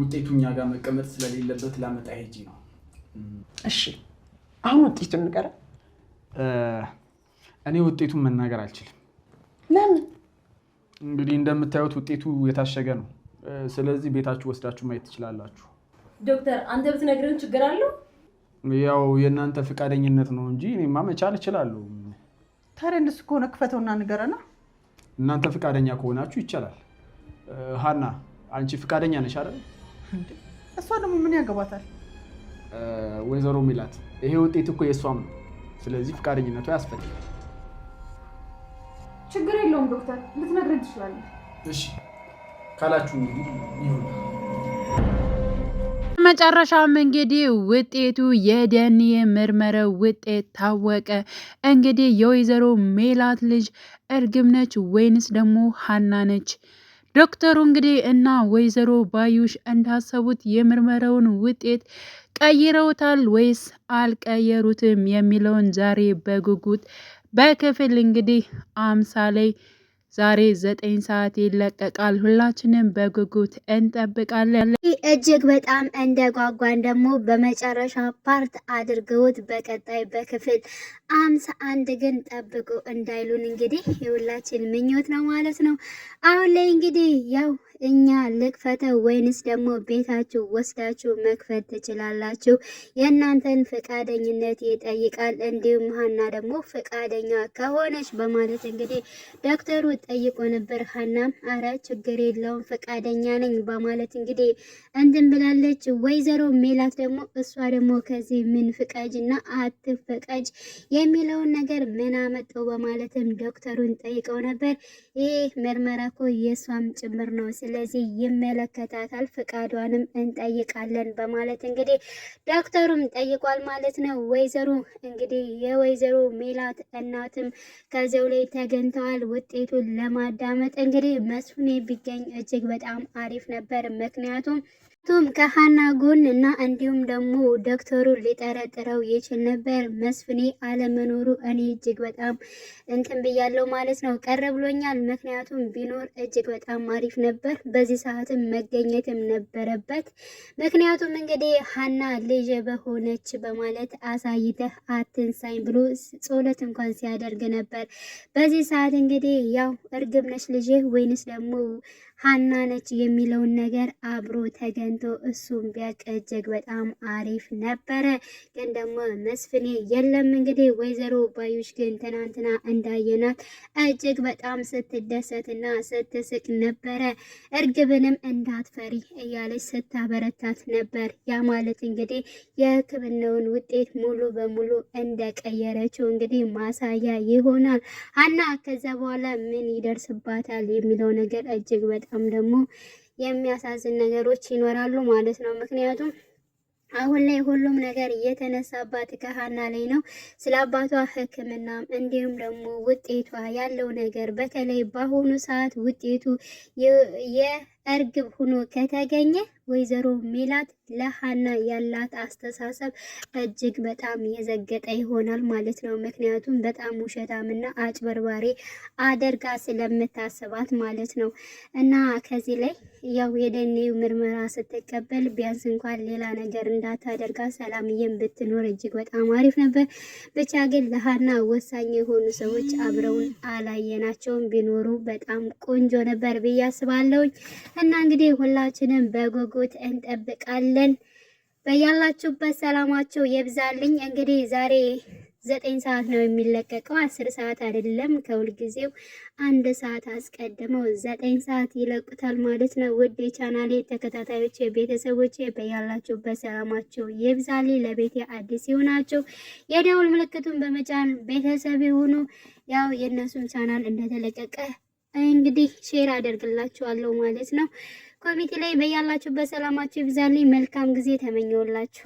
ውጤቱ እኛ ጋር መቀመጥ ስለሌለበት ላመጣ ሄጂ ነው። እሺ አሁን ውጤቱን ንገረን። እኔ ውጤቱን መናገር አልችልም። ለምን? እንግዲህ እንደምታዩት ውጤቱ የታሸገ ነው። ስለዚህ ቤታችሁ ወስዳችሁ ማየት ትችላላችሁ። ዶክተር፣ አንተ ብትነግረን ችግር አለው? ያው የእናንተ ፈቃደኝነት ነው እንጂ እኔማ መቻል እችላለሁ። ታዲያ እንደሱ ከሆነ ክፈተውና ንገረና። እናንተ ፈቃደኛ ከሆናችሁ ይቻላል። ሀና፣ አንቺ ፈቃደኛ ነሽ አይደል? እሷ ደግሞ ምን ያገባታል? ወይዘሮ ሚላት ይሄ ውጤት እኮ የእሷም ነው። ስለዚህ ፍቃደኝነቱ ያስፈልጋል። ችግር የለውም ዶክተር፣ ልትነግረን ትችላለህ። እሺ ካላችሁ ይሁን። መጨረሻም እንግዲህ ውጤቱ የደን የምርመረ ውጤት ታወቀ። እንግዲህ የወይዘሮ ሜላት ልጅ እርግብ ነች ወይንስ ደግሞ ሀና ነች? ዶክተሩ እንግዲህ እና ወይዘሮ ባዩሽ እንዳሰቡት የምርመራውን ውጤት ቀይረውታል ወይስ አልቀየሩትም የሚለውን ዛሬ በጉጉት በክፍል እንግዲህ አምሳ ላይ ዛሬ ዘጠኝ ሰዓት ይለቀቃል። ሁላችንም በጉጉት እንጠብቃለን። እጅግ በጣም እንደጓጓን ደግሞ በመጨረሻ ፓርት አድርገውት በቀጣይ በክፍል አምሳ አንድ ግን ጠብቁ እንዳይሉን እንግዲህ የሁላችን ምኞት ነው ማለት ነው። አሁን ላይ እንግዲህ ያው እኛ ልክፈተው ወይንስ ደግሞ ቤታችሁ ወስዳችሁ መክፈት ትችላላችሁ? የእናንተን ፈቃደኝነት ይጠይቃል። እንዲሁም ሀና ደግሞ ፈቃደኛ ከሆነች በማለት እንግዲህ ዶክተሩ ጠይቆ ነበር። ሀናም አረ ችግር የለውም ፈቃደኛ ነኝ በማለት እንግዲህ እንትን ብላለች። ወይዘሮ ሜላት ደግሞ እሷ ደግሞ ከዚህ ምን ፍቀጅ እና አትፈቀጅ የሚለውን ነገር ምን አመጣው በማለትም ዶክተሩን ጠይቀው ነበር። ይህ ምርመራ እኮ የእሷም ጭምር ነው ስለዚህ ይመለከታታል፣ ፍቃዷንም እንጠይቃለን በማለት እንግዲህ ዶክተሩም ጠይቋል ማለት ነው። ወይዘሮ እንግዲህ የወይዘሮ ሜላት እናትም ከዚያው ላይ ተገኝተዋል። ውጤቱን ለማዳመጥ እንግዲህ መስፍኔ ቢገኝ እጅግ በጣም አሪፍ ነበር ምክንያቱም ቱም ከሀና ጎን እና እንዲሁም ደግሞ ዶክተሩን ሊጠረጥረው ይችል ነበር። መስፍኔ አለመኖሩ እኔ እጅግ በጣም እንትን ብያለው ማለት ነው፣ ቀረ ብሎኛል። ምክንያቱም ቢኖር እጅግ በጣም አሪፍ ነበር፣ በዚህ ሰዓትም መገኘትም ነበረበት። ምክንያቱም እንግዲህ ሀና ልጅ በሆነች በማለት አሳይተህ አትንሳኝ ብሎ ጸሎት እንኳን ሲያደርግ ነበር። በዚህ ሰዓት እንግዲህ ያው እርግብ ነች ልጅ ወይንስ ደግሞ ሀና ነች የሚለውን ነገር አብሮ ተገን አግኝቶ እሱም ቢያቅ እጅግ በጣም አሪፍ ነበረ። ግን ደግሞ መስፍኔ የለም። እንግዲህ ወይዘሮ ባዩሽ ግን ትናንትና እንዳየናት እጅግ በጣም ስትደሰትና ስትስቅ ነበረ። እርግብንም እንዳትፈሪ እያለች ስታበረታት ነበር። ያ ማለት እንግዲህ የሕክምናውን ውጤት ሙሉ በሙሉ እንደቀየረችው እንግዲህ ማሳያ ይሆናል። አና ከዛ በኋላ ምን ይደርስባታል የሚለው ነገር እጅግ በጣም ደግሞ የሚያሳዝን ነገሮች ይኖራሉ ማለት ነው። ምክንያቱም አሁን ላይ ሁሉም ነገር እየተነሳባት ከሀና ላይ ነው። ስለ አባቷ ሕክምና እንዲሁም ደግሞ ውጤቷ ያለው ነገር በተለይ በአሁኑ ሰዓት ውጤቱ እርግብ ሆኖ ከተገኘ ወይዘሮ ሜላት ለሀና ያላት አስተሳሰብ እጅግ በጣም የዘገጠ ይሆናል ማለት ነው። ምክንያቱም በጣም ውሸታምና አጭበርባሪ አደርጋ ስለምታስባት ማለት ነው። እና ከዚህ ላይ ያው የደኔ ምርመራ ስትቀበል ቢያንስ እንኳን ሌላ ነገር እንዳታደርጋ ሰላምዬን ብትኖር እጅግ በጣም አሪፍ ነበር። ብቻ ግን ለሀና ወሳኝ የሆኑ ሰዎች አብረውን አላየናቸውም። ቢኖሩ በጣም ቆንጆ ነበር ብዬ አስባለሁኝ። እና እንግዲህ ሁላችንም በጉጉት እንጠብቃለን። በያላችሁበት ሰላማቸው የብዛልኝ። እንግዲህ ዛሬ ዘጠኝ ሰዓት ነው የሚለቀቀው፣ አስር ሰዓት አይደለም። ከሁልጊዜው አንድ ሰዓት አስቀድመው ዘጠኝ ሰዓት ይለቁታል ማለት ነው። ውድ የቻናሌ ተከታታዮች ቤተሰቦች፣ በያላችሁ ሰላማቸው የብዛሌ። ለቤት አዲስ ይሆናችሁ የደውል ምልክቱን በመጫን ቤተሰብ የሆኑ ያው የእነሱን ቻናል እንደተለቀቀ እንግዲህ ሼር አደርግላችኋለሁ ማለት ነው። ኮሚቴ ላይ በያላችሁበት ሰላማችሁ ይብዛልኝ። መልካም ጊዜ ተመኘውላችሁ።